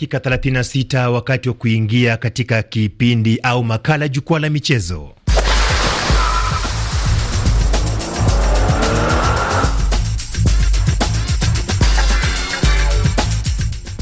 dakika 36 wakati wa kuingia katika kipindi au makala jukwaa la michezo.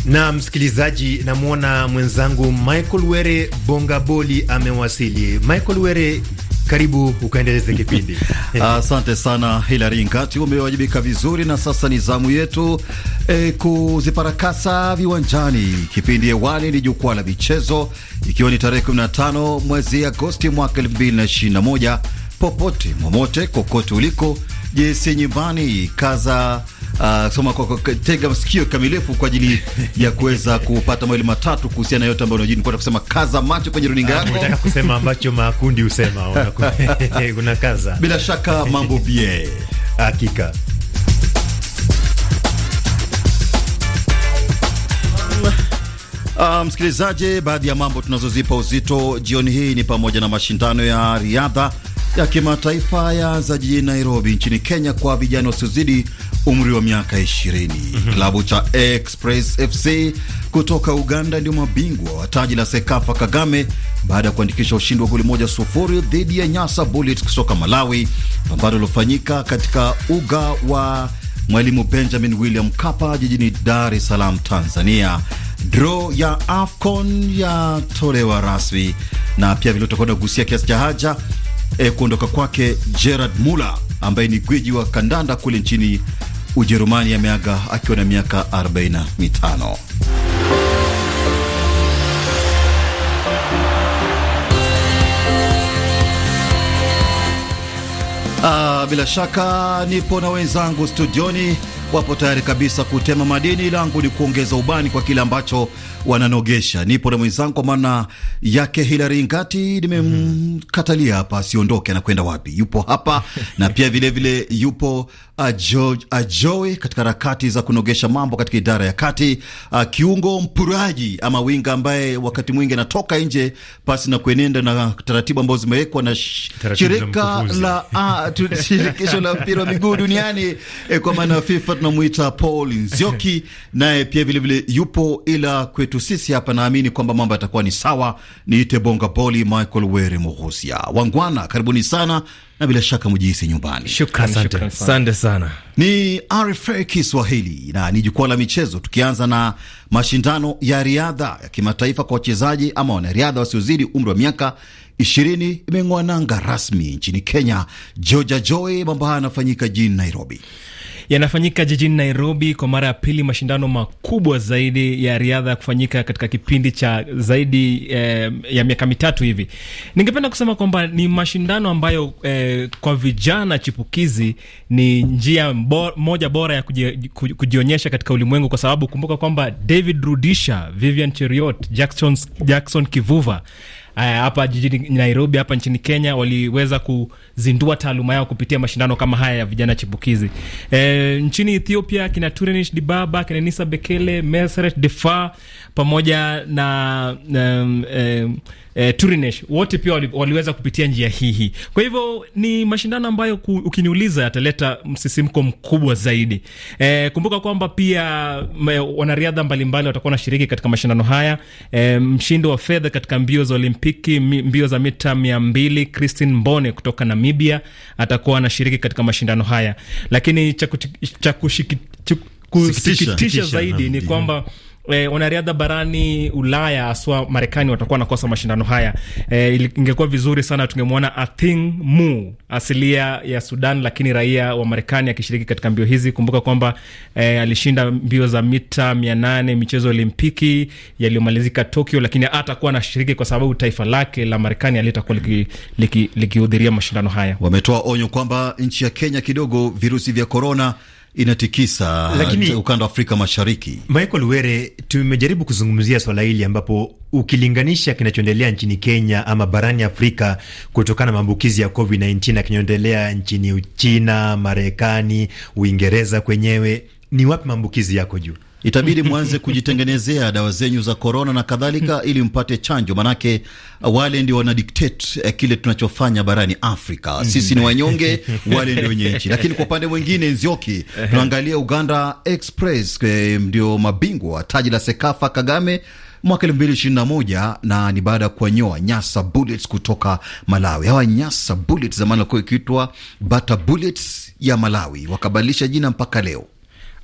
Na msikilizaji, namwona mwenzangu Michael Were Bongaboli amewasili. Michael Were, karibu ukaendeleze kipindi. Asante sana Hilary Ngati, umewajibika vizuri, na sasa ni zamu yetu eh, kuziparakasa viwanjani. Kipindi hewani ni jukwaa la michezo, ikiwa ni tarehe 15 mwezi Agosti mwaka 2021. Popote momote, kokote uliko, jesi nyumbani, kaza uh, soma kwa, kwa tega kamilifu kwa ajili ya kuweza kupata mawili matatu kuhusiana yote ambayo unajua nilikuwa kusema kaza macho kwenye runinga ah, yako. Nataka kusema ambacho makundi usema una kaza. Bila shaka mambo bie. Hakika. Uh, msikilizaji, baadhi ya mambo tunazozipa uzito jioni hii ni pamoja na mashindano ya riadha ya kimataifa ya za jijini Nairobi nchini Kenya kwa vijana wasiozidi umri wa miaka 20. Mm -hmm. Klabu cha Express FC kutoka Uganda ndio mabingwa wa taji la Sekafa Kagame baada ya kuandikisha ushindi wa goli moja sufuri dhidi ya Nyasa Bullet kutoka Malawi, pambano lilofanyika katika uga wa Mwalimu Benjamin William Kapa jijini Dar es Salaam, Tanzania. Dro ya AFCON yatolewa rasmi na pia vile kugusia kiasi cha haja e, kuondoka kwake Gerard Muller ambaye ni gwiji wa kandanda kule nchini Ujerumani ameaga akiwa na miaka 45. Uh, ah, bila shaka nipo na wenzangu studioni wapo tayari kabisa kutema madini, langu ni kuongeza ubani kwa kile ambacho wananogesha. Nipo na mwenzangu kwa maana yake Hilary Ngati, nimemkatalia hapa asiondoke, anakwenda wapi? Yupo hapa na pia vilevile vile yupo Ajoe uh, uh, katika harakati za kunogesha mambo katika idara ya kati, a, uh, kiungo mpuraji ama winga ambaye wakati mwingi anatoka nje pasi na kuenenda na taratibu ambazo zimewekwa na shirika la shirikisho la mpira wa miguu duniani e, kwa maana FIFA tunamwita Paul Nzioki naye pia vilevile vile yupo, ila kwetu sisi hapa naamini kwamba mambo yatakuwa ni sawa. Niite bonga boli Michael Were Muhusia wangwana, karibuni sana na bila shaka mjihisi nyumbani. Asante sana. Ni RFA Kiswahili na ni jukwaa la michezo, tukianza na mashindano ya riadha ya kimataifa kwa wachezaji ama wanariadha wasiozidi umri wa miaka ishirini imeng'oa nanga rasmi nchini Kenya. Georgia Joy, mambo haya yanafanyika jijini Nairobi yanafanyika jijini Nairobi kwa mara ya pili, mashindano makubwa zaidi ya riadha ya kufanyika katika kipindi cha zaidi eh, ya miaka mitatu hivi. Ningependa kusema kwamba ni mashindano ambayo eh, kwa vijana chipukizi ni njia mbo, moja bora ya kujionyesha katika ulimwengu, kwa sababu kumbuka kwamba David Rudisha, Vivian Cheriot, Jackson, Jackson Kivuva hapa jijini Nairobi hapa nchini Kenya waliweza kuzindua taaluma yao kupitia mashindano kama haya ya vijana chipukizi. E, nchini Ethiopia kina Turenish Dibaba, kina Nisa Bekele, Meseret Defa pamoja na um, um, E, eh, Turinesh wote pia wali, waliweza kupitia njia hii Kwa hivyo ni mashindano ambayo ku, ukiniuliza yataleta msisimko mkubwa zaidi. E, kumbuka kwamba pia me, wanariadha mbalimbali watakuwa wanashiriki katika mashindano haya. E, mshindi wa fedha katika mbio za Olimpiki mbio za mita mia mbili Christine Mbone kutoka Namibia atakuwa anashiriki katika mashindano haya, lakini cha kusikitisha zaidi na, ni kwamba eh, wanariadha barani Ulaya haswa Marekani watakuwa nakosa mashindano haya. Eh, ingekuwa vizuri sana tungemwona Athing Mu asilia ya Sudan, lakini raia wa Marekani akishiriki katika mbio hizi. Kumbuka kwamba eh, alishinda mbio za mita mia nane michezo Olimpiki yaliyomalizika Tokyo, lakini hatakuwa anashiriki kwa sababu taifa lake la Marekani alitakuwa likihudhuria liki, liki mashindano haya. Wametoa onyo kwamba nchi ya Kenya kidogo virusi vya korona inatikisa lakini ukanda wa Afrika Mashariki. Michael Were, tumejaribu kuzungumzia swala hili ambapo ukilinganisha kinachoendelea nchini Kenya ama barani Afrika kutokana na maambukizi ya COVID-19 na kinachoendelea nchini china Marekani, Uingereza kwenyewe, ni wapi maambukizi yako juu? itabidi mwanze kujitengenezea dawa zenyu za korona na kadhalika, hmm. ili mpate chanjo, manake uh, wale ndio wana dictate uh, kile tunachofanya barani Afrika. Hmm. Sisi ni wanyonge, wale ndio wenye nchi. Lakini kwa upande mwingine, Nzioki, tunaangalia Uganda Express eh, ndio mabingwa wa taji la Sekafa Kagame mwaka elfu mbili ishirini na moja na ni baada ya kuwanyoa Nyasa Bullets kutoka Malawi. Hawa Nyasa Bullets zamani walikuwa ikiitwa Bata Bullets ya Malawi, wakabadilisha jina mpaka leo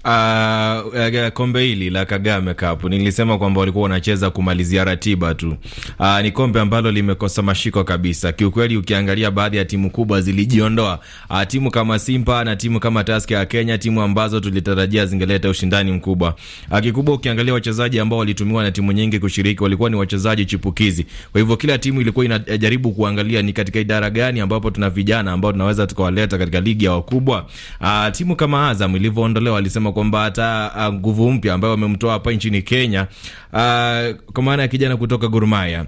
uh, kombe hili la Kagame Cup nilisema kwamba walikuwa wanacheza kumalizia ratiba tu. Uh, ni kombe ambalo limekosa mashiko kabisa kiukweli. Ukiangalia baadhi ya timu kubwa zilijiondoa, uh, timu kama Simba na timu kama Tusker ya Kenya, timu ambazo tulitarajia zingeleta ushindani mkubwa. Uh, kikubwa ukiangalia wachezaji ambao walitumiwa na timu nyingi kushiriki walikuwa ni wachezaji chipukizi, kwa hivyo kila timu ilikuwa inajaribu eh, kuangalia ni katika idara gani ambapo tuna vijana ambao tunaweza tukawaleta katika ligi ya wakubwa. Uh, timu kama Azam ilivyoondolewa alisema kwamba hata ah, nguvu mpya ambayo wamemtoa hapa nchini Kenya, ah, kwa maana ya kijana kutoka gurumaya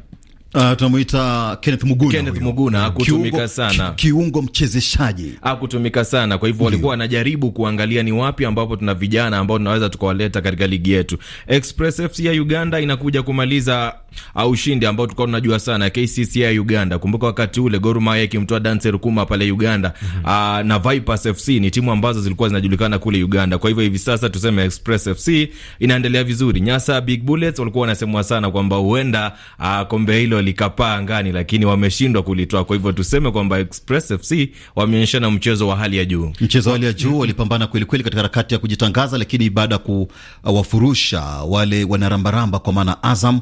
Uh, tunamuita Kenneth Muguna, Kenneth Muguna hakutumika sana, kiungo mchezeshaji hakutumika sana. Kwa hivyo walikuwa wanajaribu kuangalia ni wapi ambapo tuna vijana ambao tunaweza tukawaleta katika ligi yetu. Express FC ya Uganda inakuja kumaliza au uh, ushindi ambao tulikuwa tunajua sana KCC ya Uganda. Kumbuka wakati ule Gor Mahia ikimtoa Dancer Kuma pale Uganda, mm -hmm. uh, na Vipers FC ni timu ambazo zilikuwa zinajulikana kule Uganda. Kwa hivyo hivi sasa tuseme Express FC inaendelea vizuri. Nyasa Big Bullets walikuwa wanasemwa sana kwamba huenda uh, kombe hilo likapaa angani, lakini wameshindwa kulitoa. Kwa hivyo tuseme kwamba Express FC wameonyeshana mchezo wa hali ya juu, mchezo wa hali ya juu. Walipambana kwelikweli katika harakati ya kujitangaza, lakini baada ya kuwafurusha wale wanarambaramba, kwa maana Azam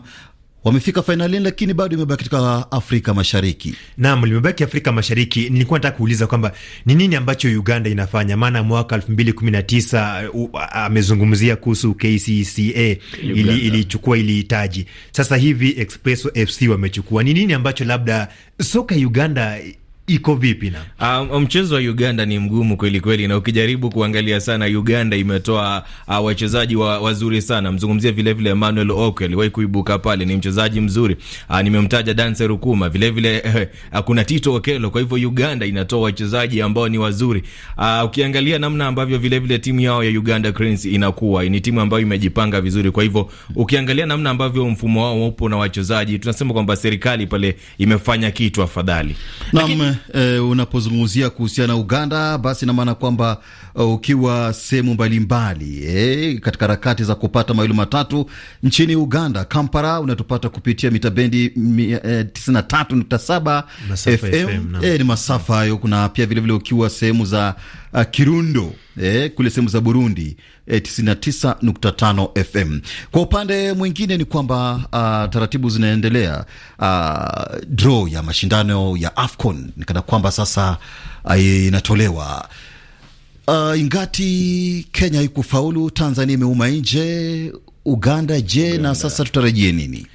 wamefika fainalini, lakini bado imebaki katika Afrika Mashariki. Naam, limebaki Afrika Mashariki. Nilikuwa nataka kuuliza kwamba ni nini ambacho Uganda inafanya, maana mwaka elfu mbili kumi na tisa uh, uh, amezungumzia kuhusu KCCA ilichukua ili ili sasa hivi Expresso FC wamechukua. Ni nini ambacho labda soka Uganda iko vipi na uh, mchezo wa Uganda ni mgumu kweli kweli, na ukijaribu kuangalia sana, Uganda imetoa uh, wachezaji wa, wazuri sana. Mzungumzie vile vile Emmanuel Okwe aliwahi kuibuka pale, ni mchezaji mzuri uh, nimemtaja Dance Rukuma vile vile uh, kuna Tito Okelo. Kwa hivyo Uganda inatoa wachezaji ambao ni wazuri uh, ukiangalia namna ambavyo vile vile timu yao ya Uganda Cranes inakuwa ni timu ambayo imejipanga vizuri. Kwa hivyo ukiangalia namna ambavyo mfumo wao upo na wachezaji, tunasema kwamba serikali pale imefanya kitu afadhali. Naam eh, unapozungumzia kuhusiana na Uganda, basi inamaana kwamba uh, ukiwa sehemu mbalimbali eh, katika harakati za kupata mawili matatu nchini Uganda, Kampala, unatupata kupitia mita bendi 93.7 eh, FM, eh, ni masafa hayo. Kuna pia vilevile ukiwa sehemu za uh, Kirundo eh, kule sehemu za Burundi 99.5 eh, FM. Kwa upande mwingine ni kwamba uh, taratibu zinaendelea uh, draw ya mashindano ya AFCON nikana kwamba sasa uh, inatolewa uh, ingati Kenya ikufaulu, Tanzania imeuma nje Uganda. Je, Uganda. na sasa tutarajie nini?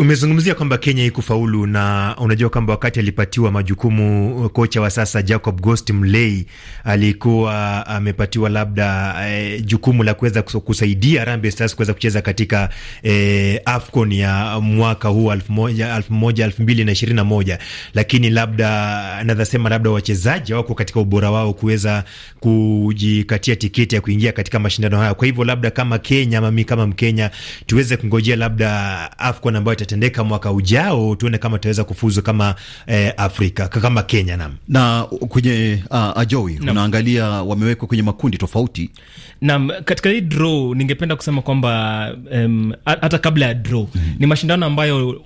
Umezungumzia kwamba Kenya ikufaulu na unajua kwamba wakati alipatiwa majukumu kocha wa sasa Jacob Ghost Mulee alikuwa amepatiwa labda e, jukumu la kuweza kusaidia Harambee Stars kuweza kucheza katika e, AFCON ya mwaka huu elfu moja, elfu moja, elfu mbili na ishirini na moja, lakini labda naweza labda wachezaji wako katika ubora wao kuweza kujikatia tiketi ya kuingia katika mashindano haya. Kwa hivyo labda kama Kenya mami, kama Mkenya tuweze kungojea labda AFCON ambayo yatatendeka mwaka ujao, tuone kama tutaweza kufuzu kama eh, Afrika kama Kenya nam. Na kwenye uh, ah, ajoi unaangalia wamewekwa kwenye makundi tofauti nam. Katika hii draw ningependa kusema kwamba um, hata kabla ya draw mm -hmm. ni mashindano ambayo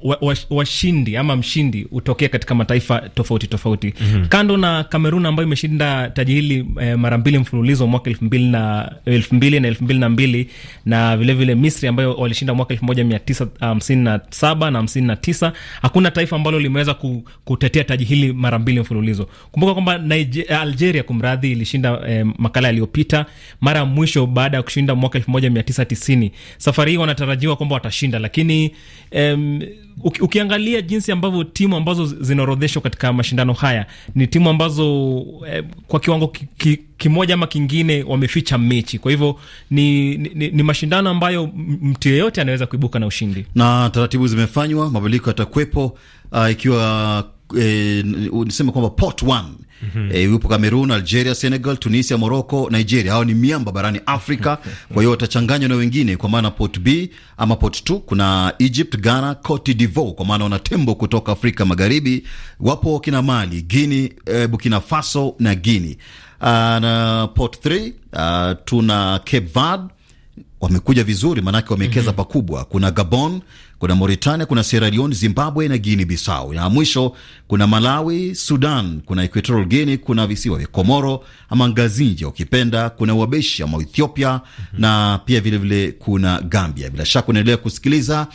washindi wa, wa ama mshindi hutokea katika mataifa tofauti tofauti mm -hmm. kando na Kamerun ambayo imeshinda taji hili eh, mara mbili mfululizo mwaka elfu mbili na elfu mbili na elfu mbili na mbili na vilevile Misri ambayo walishinda mwaka elfu moja mia tisa hamsini na saba saba na hamsini na tisa. Hakuna taifa ambalo limeweza kutetea taji hili mara mbili mfululizo. Kumbuka kwamba eh, Algeria, kumradhi, ilishinda eh, makala yaliyopita mara ya mwisho baada ya kushinda mwaka elfu moja mia tisa tisini. Safari hii wanatarajiwa kwamba watashinda, lakini eh, ukiangalia jinsi ambavyo timu ambazo zinaorodheshwa katika mashindano haya ni timu ambazo eh, kwa kiwango ki, ki, kimoja ama kingine wameficha mechi. Kwa hivyo ni, ni, ni mashindano ambayo mtu yeyote anaweza kuibuka na ushindi, na taratibu zimefanywa, mabadiliko yatakuwepo. Uh, ikiwa eh, niseme kwamba pot one Mm -hmm. E, Cameroon, Algeria, Senegal, Tunisia, Morocco, Nigeria. Hawa ni miamba barani Afrika. Kwa hiyo watachanganywa na wengine kwa maana pot B ama pot 2 kuna Egypt, Ghana, Cote d'Ivoire kwa maana wana tembo kutoka Afrika Magharibi, wapo kina Mali, Guinea, e, Burkina Faso na Guinea. Ah, na Port 3 uh, ah, tuna Cape Verde wamekuja vizuri maanake wamewekeza mm -hmm. pakubwa. Kuna Gabon, kuna Mauritania, kuna Sierra Leone, Zimbabwe na Guinea Bissau, na mwisho kuna Malawi, Sudan, kuna Equatorial Guinea, kuna visiwa vya Komoro ama Ngazinje ukipenda, kuna Uabeshi ama Ethiopia mm -hmm. na pia vilevile vile kuna Gambia. Bila shaka unaendelea kusikiliza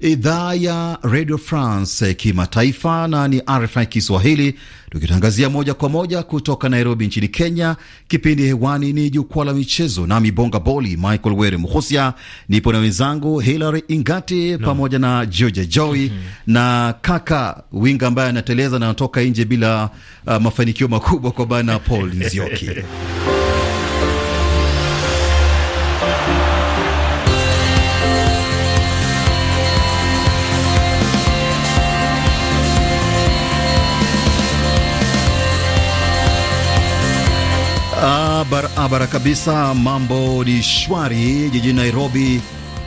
idhaa ya Radio France Kimataifa na ni RFI Kiswahili, tukitangazia moja kwa moja kutoka Nairobi nchini Kenya. Kipindi hewani ni jukwaa la michezo, nami Bonga Boli Michael Were Mhusia, nipo na wenzangu Hilary Ingati no. pamoja na Georgia Joy mm -hmm. na kaka winga ambaye anateleza na anatoka nje bila uh, mafanikio makubwa kwa bana Paul Nzioki Barabara kabisa, mambo ni shwari jijini Nairobi,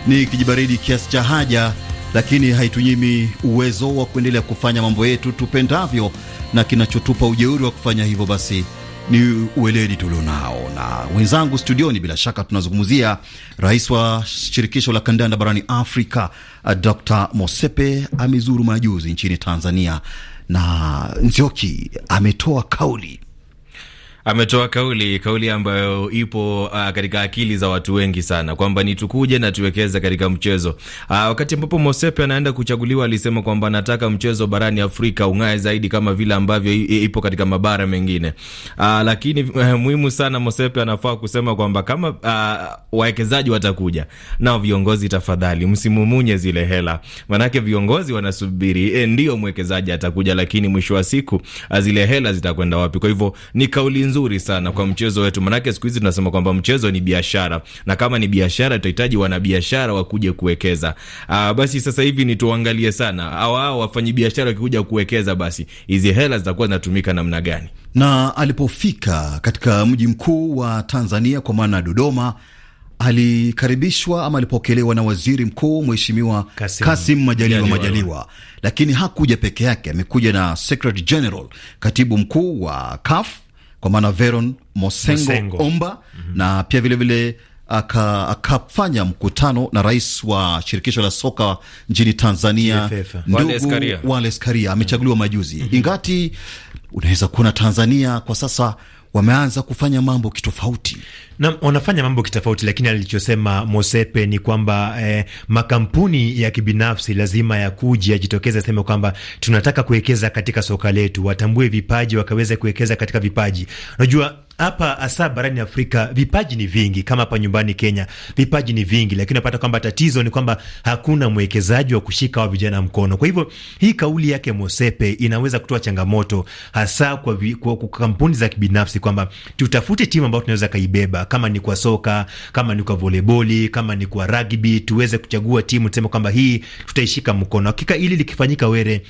ni kijibaridi kiasi cha haja, lakini haitunyimi uwezo wa kuendelea kufanya mambo yetu tupendavyo, na kinachotupa ujeuri wa kufanya hivyo basi ni ueledi tulionao na wenzangu studioni. Bila shaka tunazungumzia rais wa shirikisho la kandanda barani Afrika, uh, Dr Mosepe amezuru majuzi nchini Tanzania na Nzioki ametoa kauli ametoa kauli kauli ambayo ipo uh, katika akili za watu wengi sana kwamba ni tukuje na tuwekeze katika mchezo uh, wakati ambapo Mosepe anaenda kuchaguliwa alisema kwamba anataka mchezo barani Afrika ung'ae zaidi kama vile ambavyo ipo katika mabara mengine uh, lakini uh, muhimu sana Mosepe anafaa kusema kwamba kama uh, wawekezaji watakuja nao, viongozi tafadhali msimumunye zile hela, manake viongozi wanasubiri e, ndio mwekezaji atakuja, lakini mwisho wa siku uh, zile hela zitakwenda wapi? Kwa hivyo ni kauli nzuri nzuri sana kwa mchezo wetu, manake siku hizi tunasema kwamba mchezo ni biashara, na kama ni biashara tutahitaji wanabiashara wakuje kuwekeza. Uh, basi sasa hivi ni tuangalie sana au wafanyi biashara wakikuja kuwekeza, basi hizi hela zitakuwa zinatumika namna gani? Na alipofika katika mji mkuu wa Tanzania kwa maana Dodoma alikaribishwa ama alipokelewa na waziri mkuu Mheshimiwa Kasim, Kasim Majaliwa Majaliwa, lakini hakuja peke yake, amekuja na Secretary General, katibu mkuu wa CAF kwa maana Veron Mosengo, Mosengo Omba mm -hmm. na pia vilevile vile akafanya aka mkutano na rais wa shirikisho la soka nchini Tanzania ndugu Wales Karia amechaguliwa majuzi mm -hmm. ingati unaweza kuona Tanzania kwa sasa wameanza kufanya mambo kitofauti na wanafanya mambo kitofauti, lakini alichosema Mosepe ni kwamba eh, makampuni ya kibinafsi lazima yakuje yajitokeze, aseme kwamba tunataka kuwekeza katika soka letu, watambue vipaji, wakaweze kuwekeza katika vipaji. Unajua hapa hasa barani Afrika vipaji ni vingi, kama hapa nyumbani Kenya vipaji ni vingi, lakini unapata kwamba tatizo ni kwamba hakuna mwekezaji wa kushika wa vijana mkono. Kwa hivyo hii kauli yake Mosepe inaweza kutoa changamoto hasa kwa, vi, kwa, kwa kampuni za kibinafsi kwamba tutafute timu ambayo tunaweza kaibeba, kama ni kwa soka, kama ni kwa voleboli, kama ni kwa ragbi, tuweze kuchagua timu tuseme kwamba hii tutaishika mkono. Hakika hili likifanyika were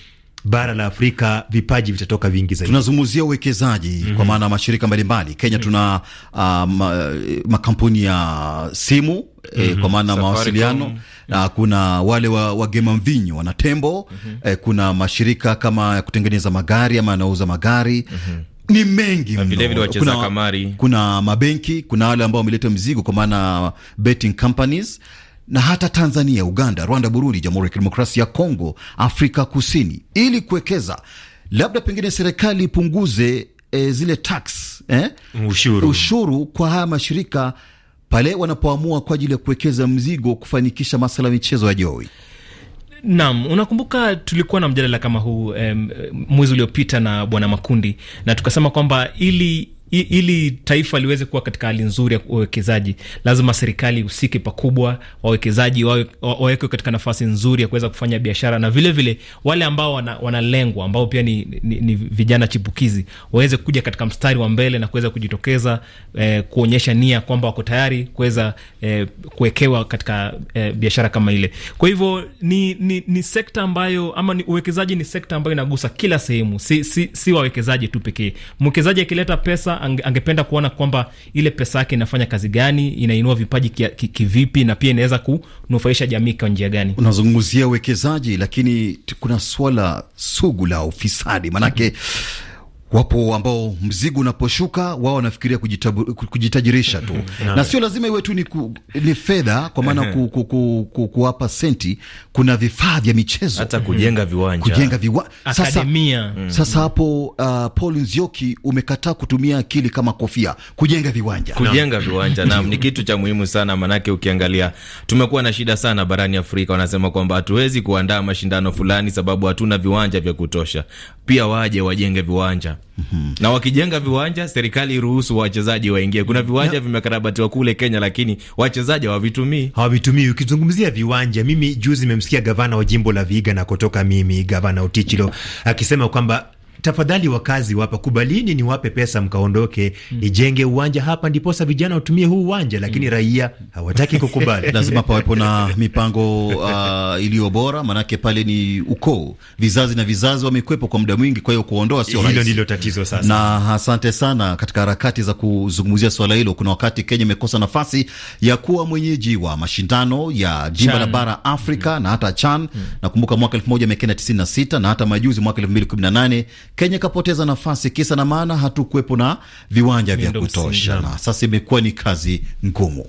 bara la Afrika vipaji vitatoka vingi zaidi. Tunazungumzia uwekezaji mm -hmm. kwa mhm. maana mashirika mbalimbali Kenya mhm. tuna uh, ma, makampuni ya simu mm -hmm. Kwa maana mawasiliano mm -hmm. na mhm. kuna wale wa, wagema mvinyo wana tembo mm -hmm. eh, kuna mashirika kama ya kutengeneza magari ama yanauza magari mm -hmm. Ni mengi mno. Kuna, Kuna mabenki, kuna wale ambao wameleta mzigo kwa maana betting companies na hata Tanzania, Uganda, Rwanda, Burundi, Jamhuri ya Kidemokrasia ya Kongo, Afrika Kusini, ili kuwekeza, labda pengine serikali ipunguze e, zile tax eh, ushuru, ushuru kwa haya mashirika pale wanapoamua kwa ajili ya kuwekeza mzigo kufanikisha masala ya michezo ya joi. Naam, unakumbuka tulikuwa na mjadala kama huu um, mwezi uliopita na Bwana Makundi, na tukasema kwamba ili ili taifa liweze kuwa katika hali nzuri ya uwekezaji, lazima serikali husike pakubwa, wawekezaji wawekwe katika nafasi nzuri ya kuweza kufanya biashara, na vilevile vile, wale ambao wanalengwa wana ambao pia ni, ni, ni vijana chipukizi waweze kuja katika mstari wa mbele na kuweza kujitokeza eh, kuonyesha nia kwamba wako tayari kuweza eh, kuwekewa katika eh, biashara kama ile. Kwa hivyo ni, ni, ni sekta ambayo ama ni uwekezaji, ni sekta ambayo inagusa kila sehemu, si, si, si wawekezaji tu pekee. Mwekezaji akileta pesa angependa kuona kwamba ile pesa yake inafanya kazi gani, inainua vipaji kivipi, na pia inaweza kunufaisha jamii kwa njia gani. Unazungumzia uwekezaji, lakini kuna swala sugu la ufisadi maanake mm -hmm. Wapo ambao mzigo unaposhuka wao wanafikiria kujitajirisha tu na sio lazima iwe tu ni, ni fedha kwa maana ku, ku, ku, ku, kuwapa senti. Kuna vifaa vya michezo, hata kujenga mm. viwanja, kujenga viwa... Sasa, mm. Mm. sasa hapo uh, Paul Nzioki umekataa kutumia akili kama kofia, kujenga viwanja, kujenga viwanja na ni kitu cha muhimu sana, maanake ukiangalia tumekuwa na shida sana barani Afrika. Wanasema kwamba hatuwezi kuandaa mashindano fulani sababu hatuna viwanja vya kutosha. Pia waje wajenge viwanja na wakijenga viwanja, serikali iruhusu wachezaji waingie. Kuna viwanja yeah. vimekarabatiwa kule Kenya, lakini wachezaji hawavitumii, hawavitumii. Ukizungumzia viwanja, mimi juzi nimemsikia gavana wa jimbo la viga na kutoka mimi gavana utichilo akisema kwamba tafadhali wakazi wapa kubalini, niwape pesa mkaondoke, nijenge hmm. uwanja hapa, ndiposa vijana watumie huu uwanja, lakini mm. raia hawataki kukubali. Lazima pawepo na mipango uh, iliyo bora, maanake pale ni ukoo, vizazi na vizazi wamekwepo kwa muda mwingi, kwa hiyo kuondoa sio rahisi. Hilo ndilo tatizo sasa. Na asante sana katika harakati za kuzungumzia swala hilo, kuna wakati Kenya imekosa nafasi ya kuwa mwenyeji wa mashindano ya jimba la bara Afrika mm. na hata CHAN mm. nakumbuka mwaka 1996 na hata majuzi mwaka 2018 Kenya ikapoteza nafasi, kisa na maana hatukuwepo na viwanja vya kutosha, na sasa imekuwa ni kazi ngumu.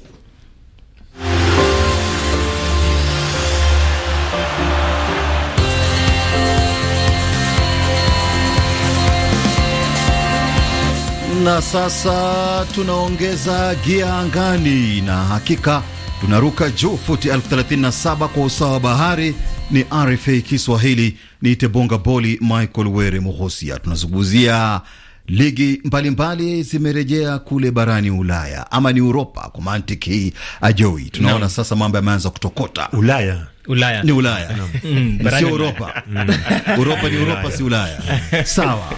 Na sasa tunaongeza gia angani na hakika Tunaruka juu futi 37 kwa usawa wa bahari. Ni RFA Kiswahili, ni tebonga Boli Michael Were Muhosia. Tunazungumzia ligi mbalimbali zimerejea kule barani Ulaya ama ni Uropa kwa mantiki hii ajoi. Tunaona no. Sasa mambo yameanza kutokota Ulaya. Ulaya ni Ulaya no. mm, sio Uropa Uropa ni Uropa si Ulaya sawa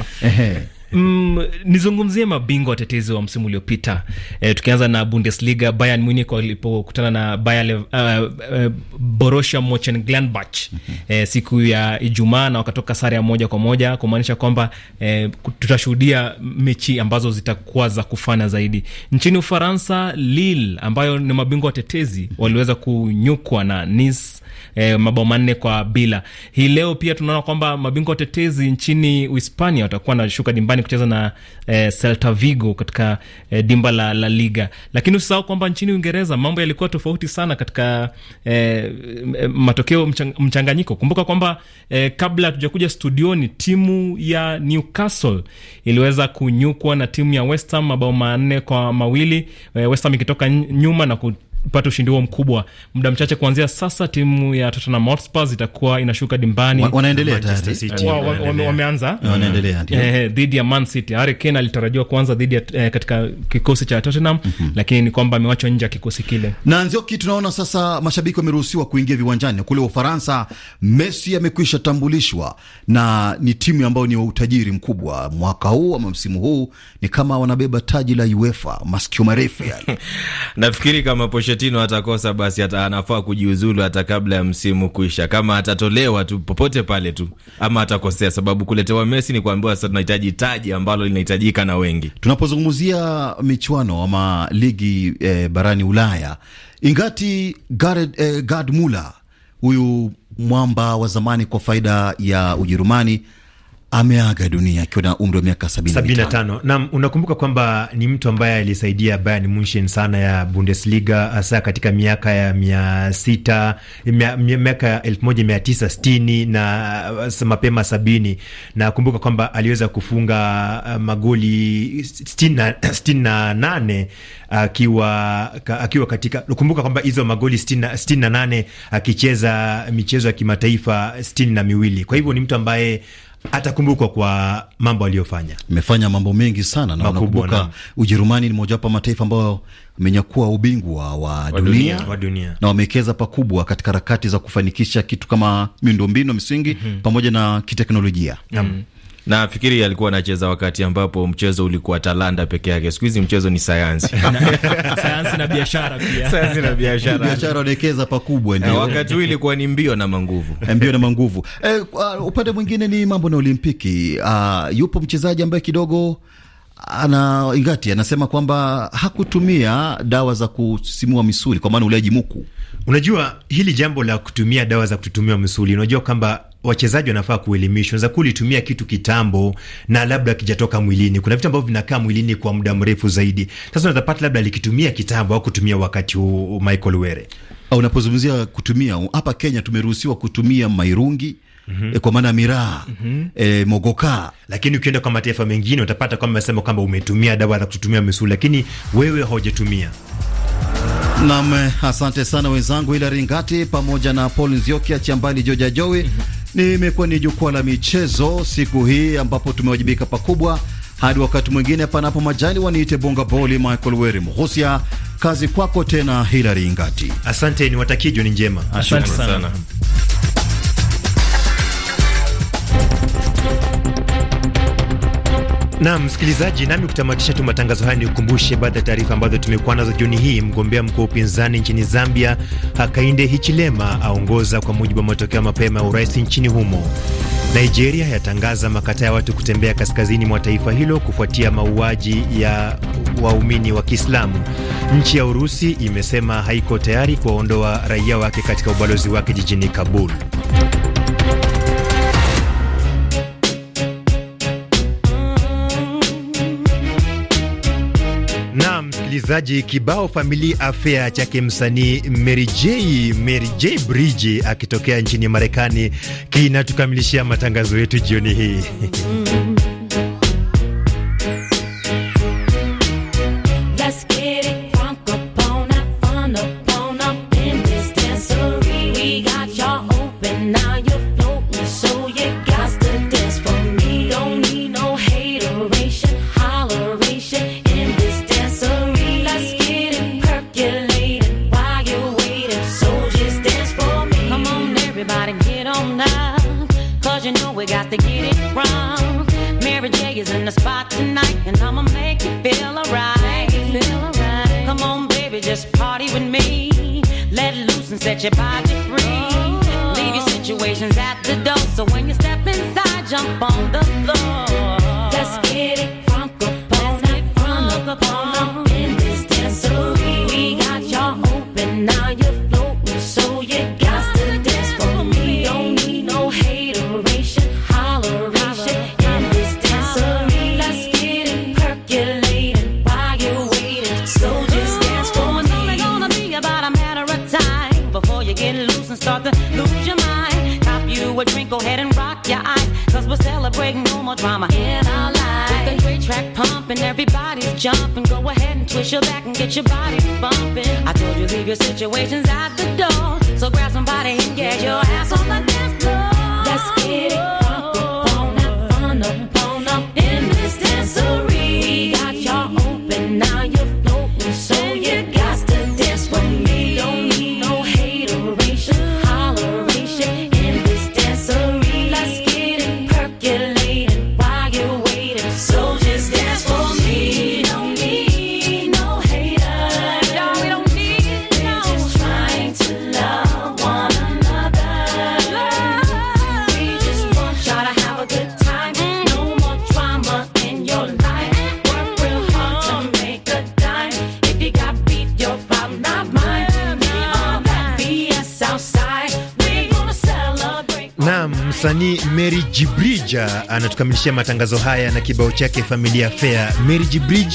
Mm, nizungumzie mabingwa watetezi wa msimu uliopita e, tukianza na Bundesliga Bayern Munich walipokutana na Bayer uh, uh, Borussia Monchengladbach mm -hmm. e, eh, siku ya Ijumaa na wakatoka sare ya moja kwa moja kumaanisha kwamba e, tutashuhudia mechi ambazo zitakuwa za kufana zaidi. Nchini Ufaransa Lille ambayo ni mabingwa watetezi waliweza kunyukwa na Nice eh, mabao manne kwa bila. Hii leo pia tunaona kwamba mabingwa watetezi nchini Uhispania watakuwa wanashuka dimbani kucheza na eh, Celta Vigo katika eh, dimba la La Liga, lakini usisahau kwamba nchini Uingereza mambo yalikuwa tofauti sana katika eh, matokeo mchang, mchanganyiko. Kumbuka kwamba eh, kabla hatujakuja studioni, timu ya Newcastle iliweza kunyukwa na timu ya West Ham mabao manne kwa mawili, eh, West Ham ikitoka nyuma na ku pate ushindi huo mkubwa. Muda mchache kuanzia sasa, timu ya Tottenham Hotspur itakuwa inashuka dimbani. Wanaendelea wameanza dhidi ya Man City. Harry Kane alitarajiwa kuanza dhidi ya eh, katika kikosi cha Tottenham mm -hmm. lakini ni kwamba amewachwa nje ya kikosi kile. Na Nzioki, tunaona sasa mashabiki wameruhusiwa kuingia viwanjani kule Ufaransa. Messi amekwisha tambulishwa na ni timu ambayo ni utajiri mkubwa mwaka huu ama msimu huu, ni kama wanabeba taji la UEFA, masikio marefu yale nafikiri kama poshe Pochettino atakosa basi ata, anafaa kujiuzulu hata kabla ya msimu kuisha, kama atatolewa tu popote pale tu, ama atakosea, sababu kuletewa Messi ni kuambiwa sasa tunahitaji taji ambalo linahitajika na wengi. Tunapozungumzia michuano ama ligi eh, barani Ulaya ingati Gerd eh, Gerd Muller huyu mwamba wa zamani kwa faida ya Ujerumani ameaga dunia akiwa na umri wa miaka 75. Naam, unakumbuka kwamba ni mtu ambaye alisaidia Bayern Munchen sana ya Bundesliga hasa katika miaka ya mia sita miaka ya elfu moja mia tisa sitini na mapema sabini. Nakumbuka kwamba aliweza kufunga uh, magoli sitini na nane akiwa akiwa katika, kumbuka kwamba hizo magoli sitini na nane akicheza michezo ya kimataifa sitini na miwili. Kwa hivyo ni mtu ambaye atakumbukwa kwa mambo aliyofanya. Amefanya mambo mengi sana na nakumbuka Ujerumani ni mojawapo mataifa ambayo amenyakua ubingwa wa dunia, wa dunia na wamewekeza pakubwa katika harakati za kufanikisha kitu kama miundombinu misingi mm -hmm. pamoja na kiteknolojia mm -hmm. Nafikiri alikuwa anacheza wakati ambapo mchezo ulikuwa talanta peke yake. Siku hizi mchezo ni sayansi sayansi na biashara pia, sayansi na biashara, biashara pakubwa. Ndio eh, wakati huu ilikuwa ni mbio na manguvu, eh, mbio na manguvu. Eh, upande mwingine ni mambo na Olimpiki. Uh, yupo mchezaji ambaye kidogo ana ingati anasema kwamba hakutumia dawa za kusimua misuli, kwa maana uleaji muku. Unajua hili jambo la kutumia dawa za kututumia misuli, unajua kwamba wachezaji wanafaa kuelimishwa, za kulitumia kitu kitambo na labda kijatoka mwilini. Kuna vitu ambavyo vinakaa mwilini kwa muda mrefu zaidi. Sasa unapata labda alikitumia kitambo au kutumia wakati huu. Michael Were, unapozungumzia kutumia, hapa Kenya tumeruhusiwa kutumia mairungi Mm -hmm. kwa maana miraha mm -hmm. E, eh, mogoka, lakini ukienda kwa mataifa mengine utapata kwamba amesema kwamba umetumia dawa za kututumia misuli, lakini wewe haujatumia. Nam, eh, asante sana wenzangu ila Ringati pamoja na Paul Nzioki, Chiambali Joja jowe mm -hmm. Nimekuwa ni jukwaa la michezo siku hii ambapo tumewajibika pakubwa. Hadi wakati mwingine, panapo majani waniite bonga boli. Michael Weri Mhusia, kazi kwako tena. Hilari Ngati, asante, niwatakie ni njema. Asante, asante sana, sana. Na msikilizaji, nami kutamatisha tu matangazo haya, nikukumbushe baadhi ya taarifa ambazo tumekuwa nazo jioni hii. Mgombea mkuu wa upinzani nchini Zambia Hakainde Hichilema aongoza kwa mujibu wa matokeo mapema ya urais nchini humo. Nigeria yatangaza makataa ya watu kutembea kaskazini mwa taifa hilo kufuatia mauaji ya waumini wa Kiislamu. Nchi ya Urusi imesema haiko tayari kuwaondoa raia wake katika ubalozi wake jijini Kabul. msikilizaji, kibao famili afea chake msanii Mary J, Mary J Bridge akitokea nchini Marekani kinatukamilishia matangazo yetu jioni hii. Cause you know we got to get it wrong. Mary J is in the spot tonight, and I'ma make you feel alright. Feel alright. Come on, baby, just party with me. Let loose and set your body free. Leave your situations at the door, so when you step inside, jump on the floor. Let's get it. a drink, go ahead and rock your eyes. Cause we're celebrating no more drama in our lives. With the great track pumping, everybody's jumping. Go ahead and twist your back and get your body bumping. I told you, leave your situations out the door. So grab somebody and get your ass on the dance floor. Let's get it. Msanii Mary Jibrija anatukamilishia matangazo haya na kibao chake Familia Fair. Mary Jibrij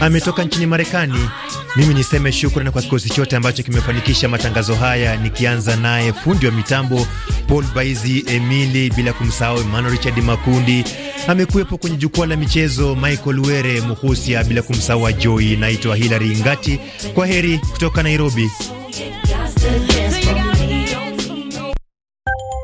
ametoka nchini Marekani. Mimi niseme shukrani kwa kikosi chote ambacho kimefanikisha matangazo haya, nikianza naye fundi wa mitambo Paul Baizi Emili, bila kumsahau Emmanuel Richard Makundi amekuwepo kwenye jukwaa la michezo, Michael Were Muhusia, bila kumsahau Joy. Naitwa Hilary Ngati, kwa heri kutoka Nairobi.